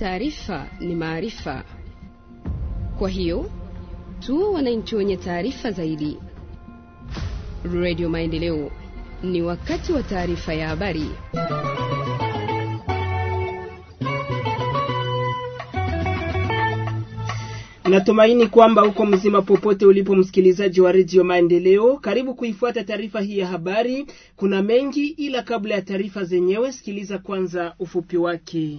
Taarifa ni maarifa, kwa hiyo tu wananchi wenye taarifa zaidi. Radio Maendeleo, ni wakati wa taarifa ya habari. Natumaini kwamba uko mzima popote ulipo, msikilizaji wa redio Maendeleo. Karibu kuifuata taarifa hii ya habari. Kuna mengi, ila kabla ya taarifa zenyewe, sikiliza kwanza ufupi wake.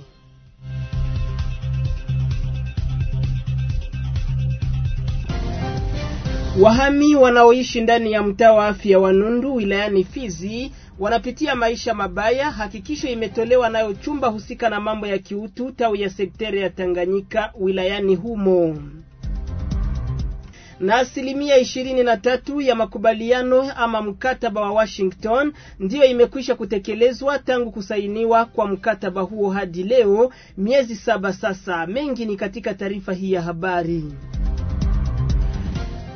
Wahami wanaoishi ndani ya mtaa wa afya wa Nundu wilayani Fizi wanapitia maisha mabaya. Hakikisho imetolewa nayo chumba husika na mambo ya kiutu tawi ya sekteri ya Tanganyika wilayani humo na asilimia ishirini na tatu ya makubaliano ama mkataba wa Washington ndiyo imekwisha kutekelezwa tangu kusainiwa kwa mkataba huo hadi leo, miezi saba sasa. Mengi ni katika taarifa hii ya habari.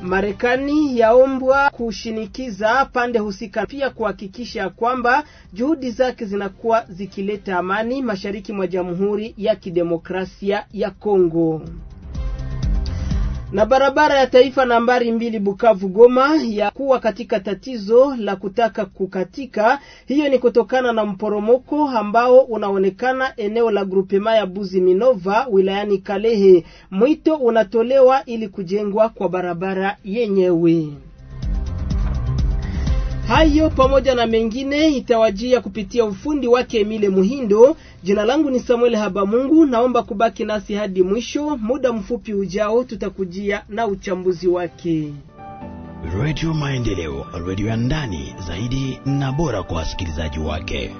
Marekani yaombwa kushinikiza pande husika pia kuhakikisha kwamba juhudi zake zinakuwa zikileta amani mashariki mwa Jamhuri ya Kidemokrasia ya Kongo na barabara ya taifa nambari mbili Bukavu Goma ya kuwa katika tatizo la kutaka kukatika. Hiyo ni kutokana na mporomoko ambao unaonekana eneo la grupema ya Buzi Minova wilayani Kalehe. Mwito unatolewa ili kujengwa kwa barabara yenyewe. Hayo pamoja na mengine itawajia kupitia ufundi wake Emile Muhindo. Jina langu ni Samuel Habamungu, naomba kubaki nasi hadi mwisho. Muda mfupi ujao tutakujia na uchambuzi wake. Radio Maendeleo, radio ya ndani zaidi na bora kwa wasikilizaji wake.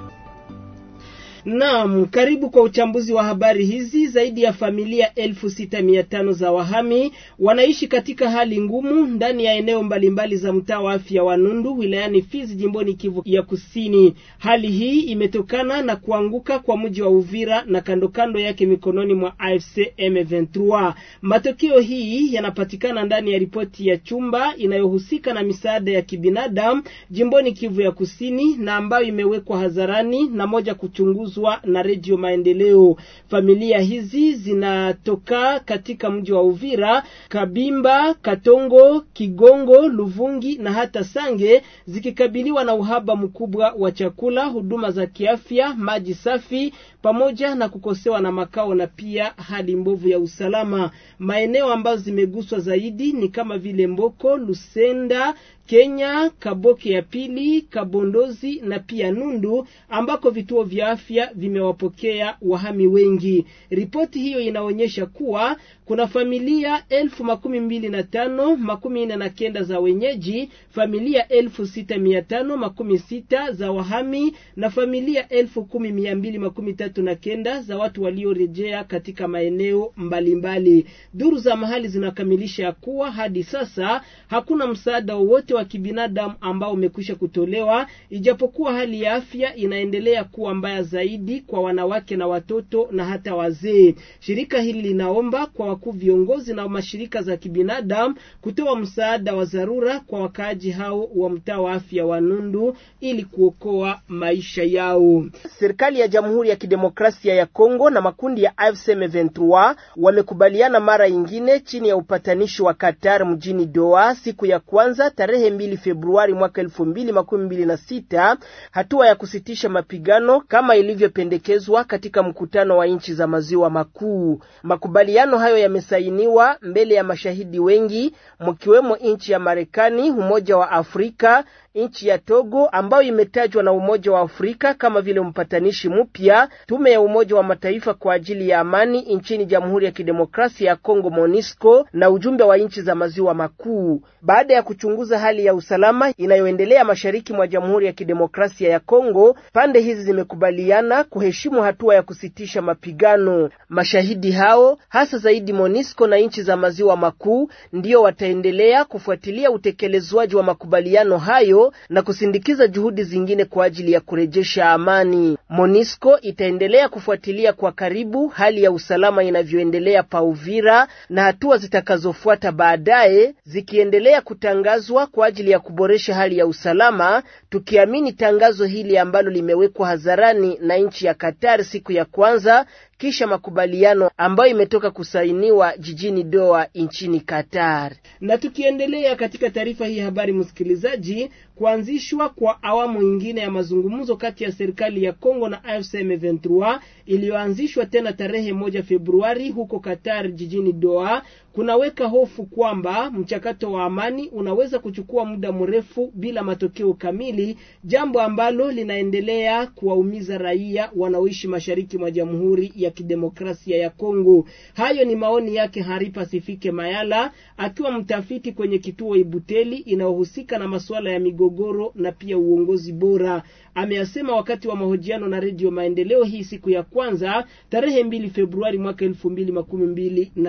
Naam, karibu kwa uchambuzi wa habari hizi. Zaidi ya familia elfu sita mia tano za wahami wanaishi katika hali ngumu ndani ya eneo mbalimbali za mtaa wa afya wa Nundu wilayani Fizi jimboni Kivu ya Kusini. Hali hii imetokana na kuanguka kwa mji wa Uvira na kando kando yake mikononi mwa AFC M23. Matokeo hii yanapatikana ndani ya ripoti ya chumba inayohusika na misaada ya kibinadamu jimboni Kivu ya Kusini na ambayo imewekwa hadharani na moja kuchunguzwa yanayokuzwa na Redio Maendeleo. Familia hizi zinatoka katika mji wa Uvira, Kabimba, Katongo, Kigongo, Luvungi na hata Sange, zikikabiliwa na uhaba mkubwa wa chakula, huduma za kiafya, maji safi pamoja na kukosewa na makao na pia hali mbovu ya usalama. Maeneo ambayo zimeguswa zaidi ni kama vile Mboko, Lusenda, Kenya, Kaboke ya pili, Kabondozi na pia Nundu ambako vituo vya afya vimewapokea wahami wengi. Ripoti hiyo inaonyesha kuwa kuna familia elfu makumi mbili na tano makumi nne na kenda za wenyeji, familia elfu sita mia tano makumi sita za wahami na familia elfu kumi mia mbili makumi tatu tatu na kenda za watu waliorejea katika maeneo mbalimbali. Duru za mahali zinakamilisha ya kuwa hadi sasa hakuna msaada wowote wa kibinadamu ambao umekwisha kutolewa, ijapokuwa hali ya afya inaendelea kuwa mbaya zaidi kwa wanawake na watoto na hata wazee. Shirika hili linaomba kwa wakuu viongozi na mashirika za kibinadamu kutoa msaada wa dharura kwa wakaaji hao wa mtaa wa afya wa Nundu ili kuokoa maisha yao. Serikali ya Jamhuri ya Kidemokrasia Kidemokrasia ya Kongo na makundi ya AFC M23 wamekubaliana mara nyingine chini ya upatanishi wa Qatar mjini Doha siku ya kwanza tarehe 2 Februari mwaka 2026 hatua ya kusitisha mapigano kama ilivyopendekezwa katika mkutano wa nchi za maziwa makuu. Makubaliano hayo yamesainiwa mbele ya mashahidi wengi mkiwemo nchi ya Marekani, Umoja wa Afrika, nchi ya Togo ambayo imetajwa na Umoja wa Afrika kama vile mpatanishi mpya Tume ya Umoja wa Mataifa kwa ajili ya amani nchini Jamhuri ya Kidemokrasia ya Kongo MONUSCO na ujumbe wa nchi za maziwa makuu baada ya kuchunguza hali ya usalama inayoendelea mashariki mwa Jamhuri ya Kidemokrasia ya Kongo. Pande hizi zimekubaliana kuheshimu hatua ya kusitisha mapigano. Mashahidi hao hasa zaidi MONUSCO na nchi za maziwa makuu ndiyo wataendelea kufuatilia utekelezwaji wa makubaliano hayo na kusindikiza juhudi zingine kwa ajili ya kurejesha amani. MONUSCO ita itaendelea kufuatilia kwa karibu hali ya usalama inavyoendelea pa Uvira na hatua zitakazofuata baadaye zikiendelea kutangazwa kwa ajili ya kuboresha hali ya usalama, tukiamini tangazo hili ambalo limewekwa hadharani na nchi ya Qatar siku ya kwanza kisha makubaliano ambayo imetoka kusainiwa jijini Doha nchini Qatar. Na tukiendelea katika taarifa hii habari, msikilizaji, kuanzishwa kwa awamu nyingine ya mazungumzo kati ya serikali ya Kongo na AFC M23 iliyoanzishwa tena tarehe moja Februari huko Qatar jijini Doha kunaweka hofu kwamba mchakato wa amani unaweza kuchukua muda mrefu bila matokeo kamili, jambo ambalo linaendelea kuwaumiza raia wanaoishi mashariki mwa Jamhuri ya Kidemokrasia ya Kongo. Hayo ni maoni yake Hari Pasifike Mayala, akiwa mtafiti kwenye kituo Ibuteli inayohusika na masuala ya migogoro na pia uongozi bora. Ameyasema wakati wa mahojiano na Redio Maendeleo hii siku ya kwanza tarehe 2 Februari mwaka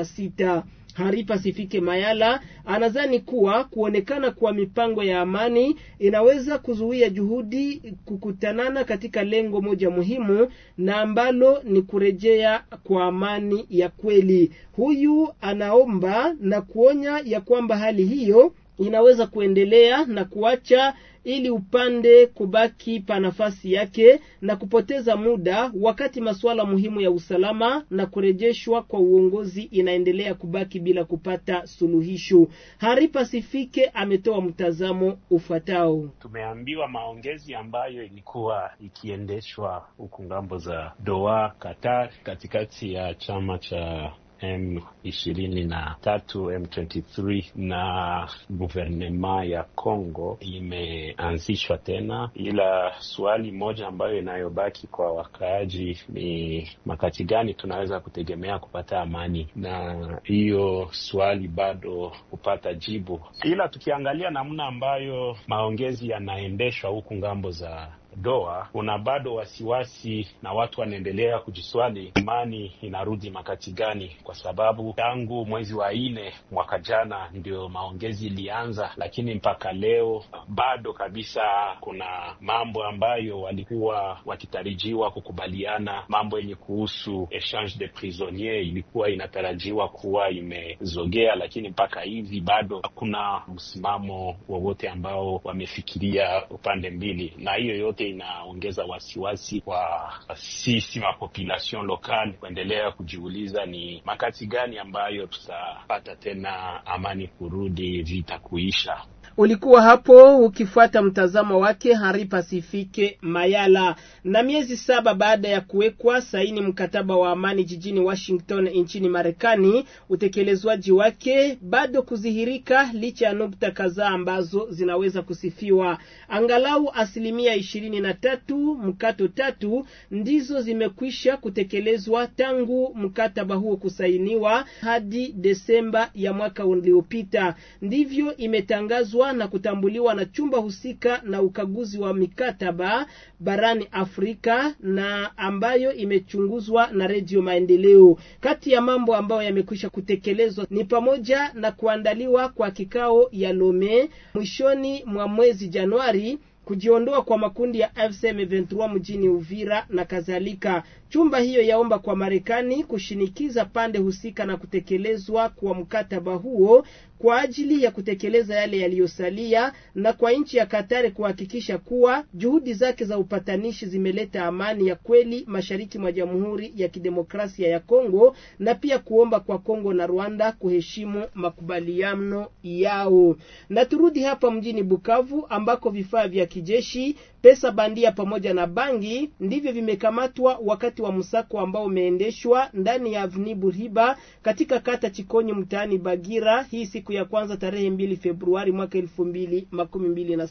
sita. Pasifike Mayala anadhani kuwa kuonekana kwa mipango ya amani inaweza kuzuia juhudi kukutanana katika lengo moja muhimu na ambalo ni kurejea kwa amani ya kweli. Huyu anaomba na kuonya ya kwamba hali hiyo inaweza kuendelea na kuacha ili upande kubaki pa nafasi yake na kupoteza muda wakati masuala muhimu ya usalama na kurejeshwa kwa uongozi inaendelea kubaki bila kupata suluhisho. Hari Pasifike ametoa mtazamo ufuatao. Tumeambiwa maongezi ambayo ilikuwa ikiendeshwa huku ngambo za Doha, Qatar, katikati ya chama cha M23 na guvernema ya Congo imeanzishwa tena, ila swali moja ambayo inayobaki kwa wakaaji ni makati gani tunaweza kutegemea kupata amani, na hiyo swali bado kupata jibu. Ila tukiangalia namna ambayo maongezi yanaendeshwa huku ngambo za doa, kuna bado wasiwasi na watu wanaendelea kujiswali imani inarudi makati gani, kwa sababu tangu mwezi wa nne mwaka jana ndio maongezi ilianza, lakini mpaka leo bado kabisa kuna mambo ambayo walikuwa wakitarajiwa kukubaliana, mambo yenye kuhusu echange de prisonier ilikuwa inatarajiwa kuwa imezogea, lakini mpaka hivi bado hakuna msimamo wowote ambao wamefikiria upande mbili, na hiyo yote inaongeza wasiwasi kwa sisi mapopulation lokal kuendelea kujiuliza ni makati gani ambayo tutapata tena amani kurudi, vita kuisha. Ulikuwa hapo ukifuata mtazamo wake Hari Pasifike Mayala. Na miezi saba baada ya kuwekwa saini mkataba wa amani jijini Washington nchini Marekani, utekelezwaji wake bado kudhihirika licha ya nukta kadhaa ambazo zinaweza kusifiwa. Angalau asilimia ishirini na tatu mkato tatu ndizo zimekwisha kutekelezwa tangu mkataba huo kusainiwa hadi Desemba ya mwaka uliopita, ndivyo imetangazwa kuchunguzwa na kutambuliwa na chumba husika na ukaguzi wa mikataba barani Afrika na ambayo imechunguzwa na Redio Maendeleo. Kati ya mambo ambayo yamekwisha kutekelezwa ni pamoja na kuandaliwa kwa kikao ya Lome mwishoni mwa mwezi Januari, kujiondoa kwa makundi ya FCM 23 mjini Uvira na kadhalika. Chumba hiyo yaomba kwa Marekani kushinikiza pande husika na kutekelezwa kwa mkataba huo kwa ajili ya kutekeleza yale yaliyosalia na kwa nchi ya Katari kuhakikisha kuwa juhudi zake za upatanishi zimeleta amani ya kweli mashariki mwa Jamhuri ya Kidemokrasia ya Kongo na pia kuomba kwa Kongo na Rwanda kuheshimu makubaliano yao. Na turudi hapa mjini Bukavu ambako vifaa vya kijeshi pesa bandia pamoja na bangi ndivyo vimekamatwa wakati wa msako ambao umeendeshwa ndani ya Avni Buriba katika kata Chikonyi mtaani Bagira, hii siku ya kwanza tarehe mbili Februari mwaka elfu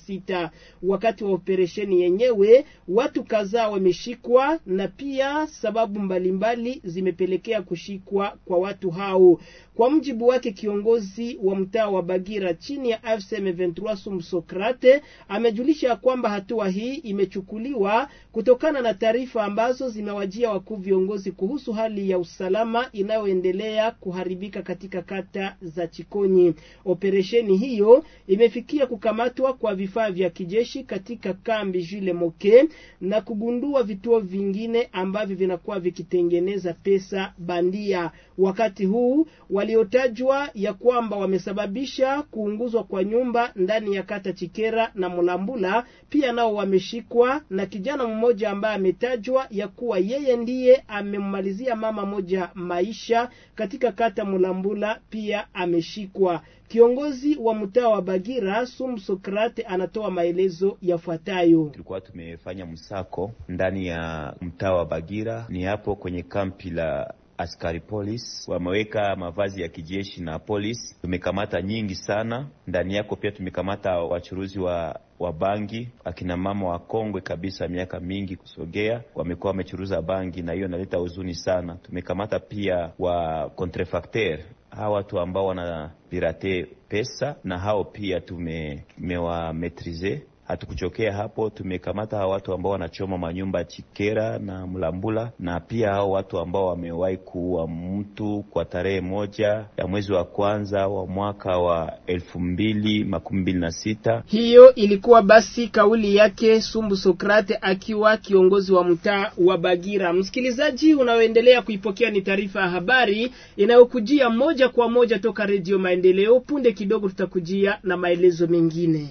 sita. Wakati wa operesheni yenyewe watu kadhaa wameshikwa na pia sababu mbalimbali mbali zimepelekea kushikwa kwa watu hao. Kwa mjibu wake kiongozi wa mtaa wa Bagira chini ya AFC M23 Sumsokrate amejulisha kwamba hatua hii imechukuliwa kutokana na taarifa ambazo zimewajia wakuu viongozi kuhusu hali ya usalama inayoendelea kuharibika katika kata za Chikonyi. Operesheni hiyo imefikia kukamatwa kwa vifaa vya kijeshi katika kambi Jule Moke na kugundua vituo vingine ambavyo vinakuwa vikitengeneza pesa bandia. Wakati huu waliotajwa ya kwamba wamesababisha kuunguzwa kwa nyumba ndani ya kata Chikera na Mulambula pia nao ameshikwa na kijana mmoja ambaye ametajwa ya kuwa yeye ndiye amemmalizia mama moja maisha katika kata Mulambula, pia ameshikwa. Kiongozi wa mtaa wa Bagira Sum Sokrate anatoa maelezo yafuatayo. Tulikuwa tumefanya msako ndani ya mtaa wa Bagira, ni hapo kwenye kampi la askari polisi wameweka mavazi ya kijeshi na polisi. Tumekamata nyingi sana ndani yako, pia tumekamata wachuruzi wa wa bangi. Akina mama wakongwe kabisa, miaka mingi kusogea, wamekuwa wamechuruza bangi, na hiyo inaleta huzuni sana. Tumekamata pia wa contrefacteur hawa watu ambao wanapirate pesa, na hao pia tumewametrize Hatukuchokea hapo, tumekamata hao watu ambao wanachoma manyumba Chikera na Mlambula na pia hao watu ambao wamewahi kuua mtu kwa tarehe moja ya mwezi wa kwanza wa mwaka wa elfu mbili makumi mbili na sita. Hiyo ilikuwa basi kauli yake Sumbu Sokrate akiwa kiongozi wa mtaa wa Bagira. Msikilizaji unaoendelea kuipokea ni taarifa ya habari inayokujia moja kwa moja toka Redio Maendeleo. Punde kidogo tutakujia na maelezo mengine.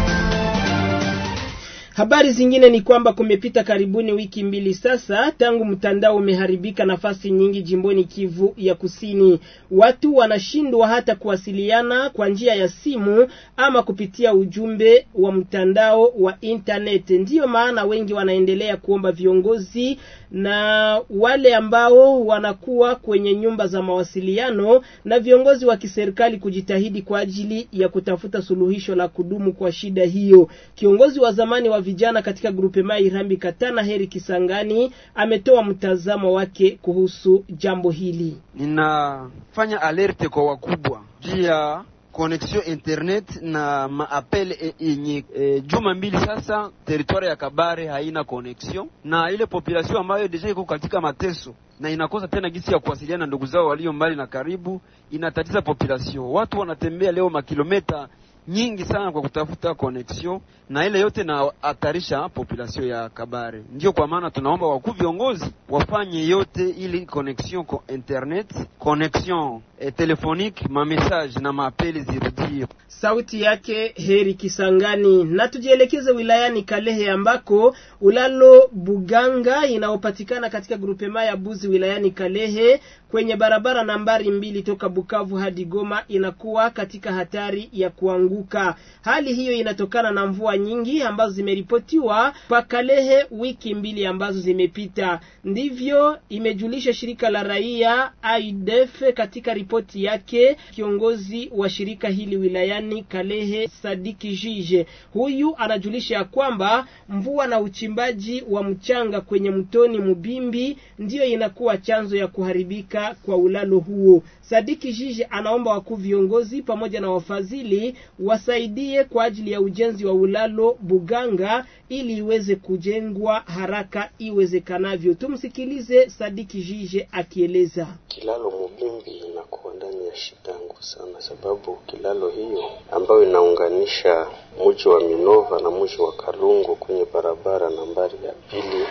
Habari zingine ni kwamba kumepita karibuni wiki mbili sasa tangu mtandao umeharibika nafasi nyingi jimboni Kivu ya Kusini. Watu wanashindwa hata kuwasiliana kwa njia ya simu ama kupitia ujumbe wa mtandao wa internet. Ndiyo maana wengi wanaendelea kuomba viongozi na wale ambao wanakuwa kwenye nyumba za mawasiliano na viongozi wa kiserikali kujitahidi kwa ajili ya kutafuta suluhisho la kudumu kwa shida hiyo. Kiongozi wa zamani wa vijana katika grupe Mai Rambi Katana Heri Kisangani ametoa mtazamo wake kuhusu jambo hili. Ninafanya alerte kwa wakubwa juu ya connection internet na maapel e-, yenye e, e, juma mbili sasa, territoire ya Kabare haina connection na ile population ambayo deja iko katika mateso na inakosa tena gisi ya kuwasiliana na ndugu zao walio mbali na karibu, inatatiza population. Watu wanatembea leo makilometa nyingi sana kwa kutafuta connection na ile yote na hatarisha population ya Kabare. Ndio kwa maana tunaomba wakuu viongozi wafanye yote ili connection kwa internet, connection e eh, telefonique, ma message na maapeli zirudie. Sauti yake Heri Kisangani. Na tujielekeze wilayani Kalehe ambako ulalo Buganga inayopatikana katika grupema ya Buzi wilayani Kalehe kwenye barabara nambari mbili toka Bukavu hadi Goma inakuwa katika hatari ya kuangua kuanguka. Hali hiyo inatokana na mvua nyingi ambazo zimeripotiwa kwa Kalehe wiki mbili ambazo zimepita, ndivyo imejulisha shirika la raia IDF katika ripoti yake. Kiongozi wa shirika hili wilayani Kalehe, Sadiki Jije, huyu anajulisha ya kwamba mvua na uchimbaji wa mchanga kwenye mtoni Mubimbi ndiyo inakuwa chanzo ya kuharibika kwa ulalo huo. Sadiki Jije anaomba wakuu viongozi pamoja na wafadhili wasaidie kwa ajili ya ujenzi wa ulalo Buganga ili iweze kujengwa haraka iwezekanavyo. Tumsikilize Sadiki Jije akieleza. Kilalo Mubimbi inakuwa ndani ya shitangu sana, sababu kilalo hiyo ambayo inaunganisha mji wa Minova na mji wa Kalungu kwenye barabara nambari ya pili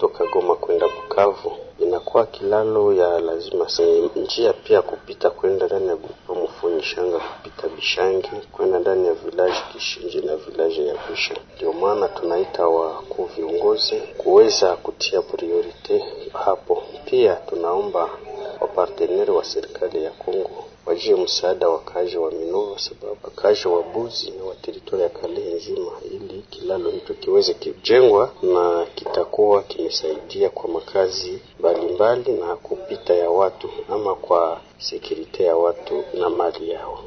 kutoka Goma kwenda Bukavu inakuwa kilalo ya lazima se, njia pia kupita kwenda ndani ya grupu shanga kupita Bishangi kwenda ndani ya village Kishinji na village ya Bisha. Ndio maana tunaita wakuu viongozi kuweza kutia priorite hapo. Pia tunaomba waparteneri wa serikali ya Kongo wajie msaada wakazi wa Minova, sababu wakazi wa Buzi na wa teritoria ya Kalehe nzima kilalo hicho kiweze kujengwa na kitakuwa kimesaidia kwa makazi mbalimbali na kupita ya watu ama kwa sekurite ya watu na mali yao.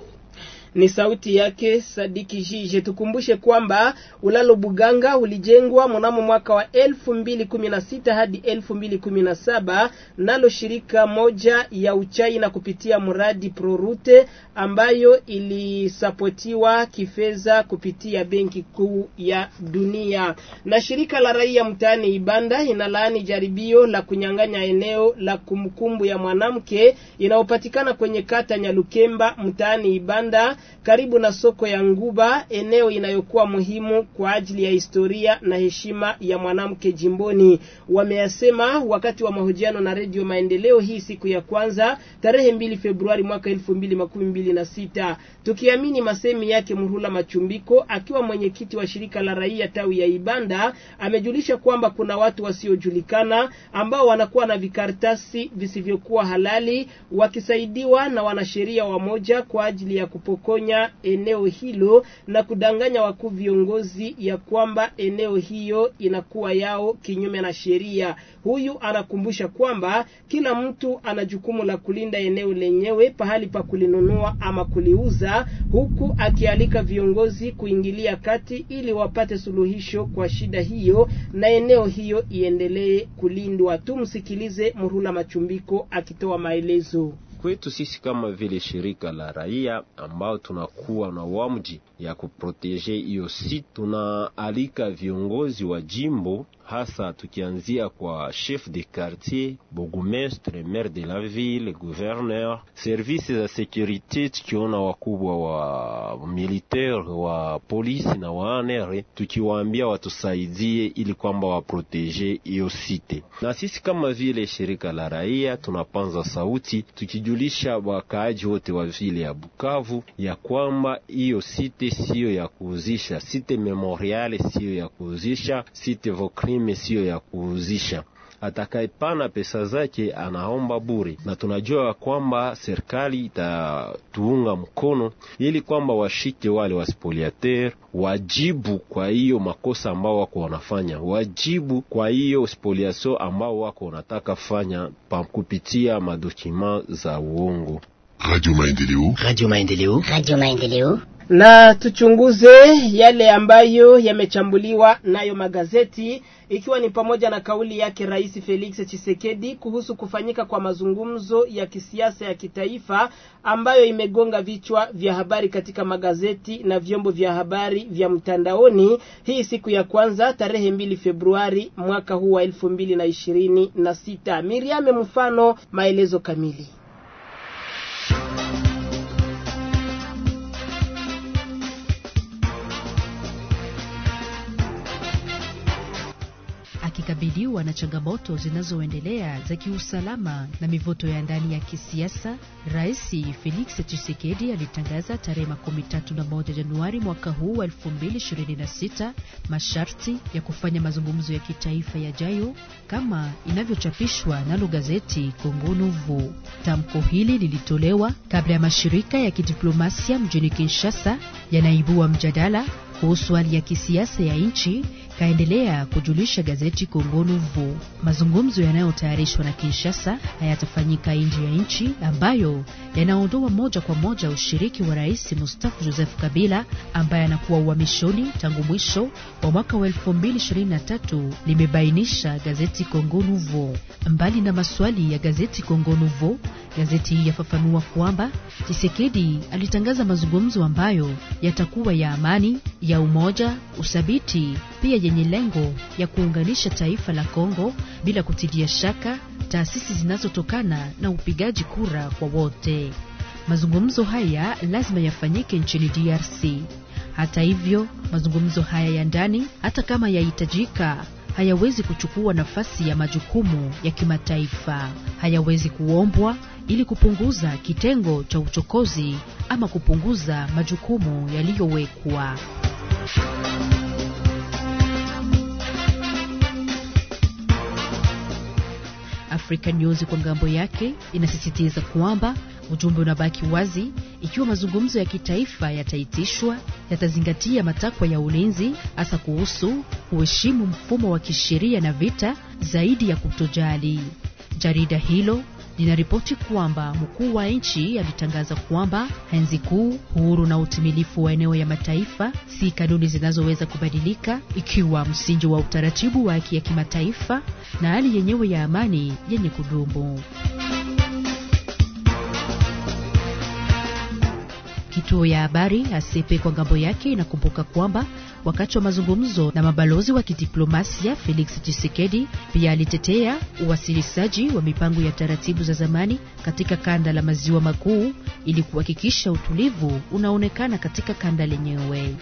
Ni sauti yake Sadiki Jije. Tukumbushe kwamba ulalo Buganga ulijengwa mnamo mwaka wa 2016 hadi 2017 nalo shirika moja ya Uchaina kupitia mradi Prorute ambayo ilisapotiwa kifedha kupitia Benki Kuu ya Dunia. Na shirika la raia mtaani Ibanda inalaani jaribio la kunyang'anya eneo la kumbukumbu ya mwanamke inayopatikana kwenye kata Nyalukemba mtaani Ibanda karibu na soko ya Nguba, eneo inayokuwa muhimu kwa ajili ya historia na heshima ya mwanamke jimboni. Wameyasema wakati wa mahojiano na Redio Maendeleo hii siku ya kwanza tarehe 2 Februari mwaka 2026. Tukiamini masemi yake, Mrula Machumbiko akiwa mwenyekiti wa shirika la raia tawi ya Ibanda amejulisha kwamba kuna watu wasiojulikana ambao wanakuwa na vikaratasi visivyokuwa halali wakisaidiwa na wanasheria wamoja kwa ajili ya kupokoa kupokonya eneo hilo na kudanganya wakuu viongozi ya kwamba eneo hiyo inakuwa yao kinyume na sheria. Huyu anakumbusha kwamba kila mtu ana jukumu la kulinda eneo lenyewe pahali pa kulinunua ama kuliuza, huku akialika viongozi kuingilia kati ili wapate suluhisho kwa shida hiyo na eneo hiyo iendelee kulindwa. Tumsikilize Muruna Machumbiko akitoa maelezo kwetu sisi kama vile shirika la raia ambao tunakuwa na uamuji ya kuproteje hiyo site. Tunaalika viongozi wa jimbo hasa tukianzia kwa chef de quartier, bourgmestre, maire de la ville, gouverneur, service za securite, tukiona wakubwa wa militaire wa polisi na waanere, tukiwaambia watusaidie ili kwamba waproteje hiyo site. Na sisi kama vile shirika la raia tunapanza sauti tukijulisha wakaaji wote wa vile ya Bukavu ya kwamba hiyo site siyo ya kuuzisha, site memoriale siyo ya kuuzisha, site Vokrime siyo ya kuuzisha. Atakayepana pesa zake anaomba bure, na tunajua kwamba serikali itatuunga mkono ili kwamba washike wale waspoliateur, wajibu kwa hiyo makosa ambao wako wanafanya, wajibu kwa hiyo spoliation ambao wako wanataka fanya pa kupitia madokima za uongo. Radio Maendeleo, Radio Maendeleo, Radio Maendeleo. Na tuchunguze yale ambayo yamechambuliwa nayo magazeti ikiwa ni pamoja na kauli yake Rais Felix Tshisekedi kuhusu kufanyika kwa mazungumzo ya kisiasa ya kitaifa ambayo imegonga vichwa vya habari katika magazeti na vyombo vya habari vya mtandaoni hii siku ya kwanza tarehe mbili Februari mwaka huu wa elfu mbili na ishirini na sita. Miriam mfano maelezo kamili akikabiliwa na changamoto zinazoendelea za kiusalama na mivuto ya ndani ya kisiasa, Rais Felix Tshisekedi alitangaza tarehe 31 Januari mwaka huu wa sita masharti ya kufanya mazungumzo ya kitaifa yajayo kama inavyochapishwa nalo gazeti Kongo Nuvu. Tamko hili lilitolewa kabla ya mashirika ya kidiplomasia mjini Kinshasa yanaibua mjadala kuhusu hali ya kisiasa ya nchi kaendelea kujulisha gazeti Kongolo Vu mazungumzo yanayotayarishwa na Kinshasa hayatafanyika nje ya nchi, ambayo yanaondoa moja kwa moja ushiriki wa Rais mustafu Joseph Kabila ambaye anakuwa uhamishoni tangu mwisho wa mwaka wa 2023, limebainisha gazeti Kongo Nouveau. Mbali na maswali ya gazeti Kongo Nouveau, gazeti yafafanua kwamba Tshisekedi alitangaza mazungumzo ambayo yatakuwa ya amani, ya umoja, uthabiti pia yenye lengo ya kuunganisha taifa la Kongo bila kutilia shaka taasisi zinazotokana na upigaji kura kwa wote. Mazungumzo haya lazima yafanyike nchini DRC. Hata hivyo, mazungumzo haya ya ndani, hata kama yahitajika, hayawezi kuchukua nafasi ya majukumu ya kimataifa. Hayawezi kuombwa ili kupunguza kitengo cha uchokozi ama kupunguza majukumu yaliyowekwa. afrika News kwa ngambo yake inasisitiza kwamba ujumbe unabaki wazi ikiwa mazungumzo ya kitaifa yataitishwa, yatazingatia matakwa ya ulinzi, hasa kuhusu kuheshimu mfumo wa kisheria na vita zaidi ya kutojali. Jarida hilo linaripoti kwamba mkuu wa nchi alitangaza kwamba enzi kuu, uhuru na utimilifu wa eneo ya mataifa si kanuni zinazoweza kubadilika, ikiwa msingi wa utaratibu wa haki ya kimataifa na hali yenyewe ya amani yenye kudumu. Kituo ya habari ACP kwa ngambo yake inakumbuka kwamba wakati wa mazungumzo na mabalozi wa kidiplomasia, Felix Tshisekedi pia alitetea uwasilishaji wa mipango ya taratibu za zamani katika kanda la maziwa makuu ili kuhakikisha utulivu unaonekana katika kanda lenyewe.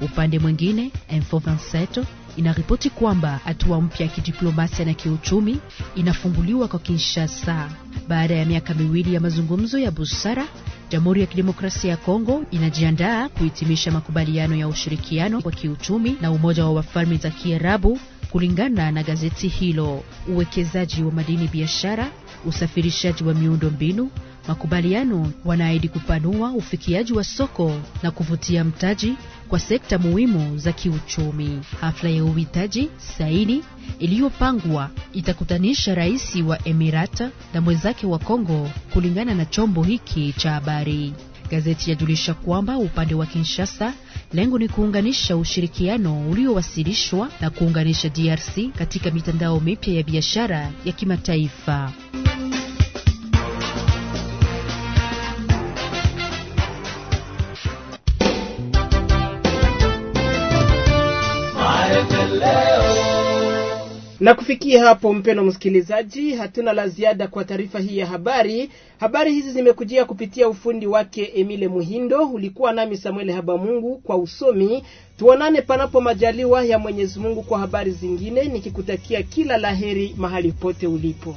Upande mwingine m inaripoti kwamba hatua mpya ya kidiplomasia na kiuchumi inafunguliwa kwa Kinshasa baada ya miaka miwili ya mazungumzo ya busara. Jamhuri ya Kidemokrasia ya Kongo inajiandaa kuhitimisha makubaliano ya ushirikiano wa kiuchumi na Umoja wa Wafalme za Kiarabu Kulingana na gazeti hilo, uwekezaji wa madini, biashara, usafirishaji wa miundo mbinu, makubaliano, wanaahidi kupanua ufikiaji wa soko na kuvutia mtaji kwa sekta muhimu za kiuchumi. Hafla ya uhitaji saini iliyopangwa itakutanisha rais wa Emirata na mwenzake wa Kongo, kulingana na chombo hiki cha habari. Gazeti yajulisha kwamba upande wa Kinshasa Lengo ni kuunganisha ushirikiano uliowasilishwa na kuunganisha DRC katika mitandao mipya ya biashara ya kimataifa. Na kufikia hapo, mpendo msikilizaji, hatuna la ziada kwa taarifa hii ya habari. Habari hizi zimekujia kupitia ufundi wake Emile Muhindo, ulikuwa nami Samuel Habamungu kwa usomi. Tuonane panapo majaliwa ya Mwenyezi Mungu kwa habari zingine, nikikutakia kila laheri mahali pote ulipo.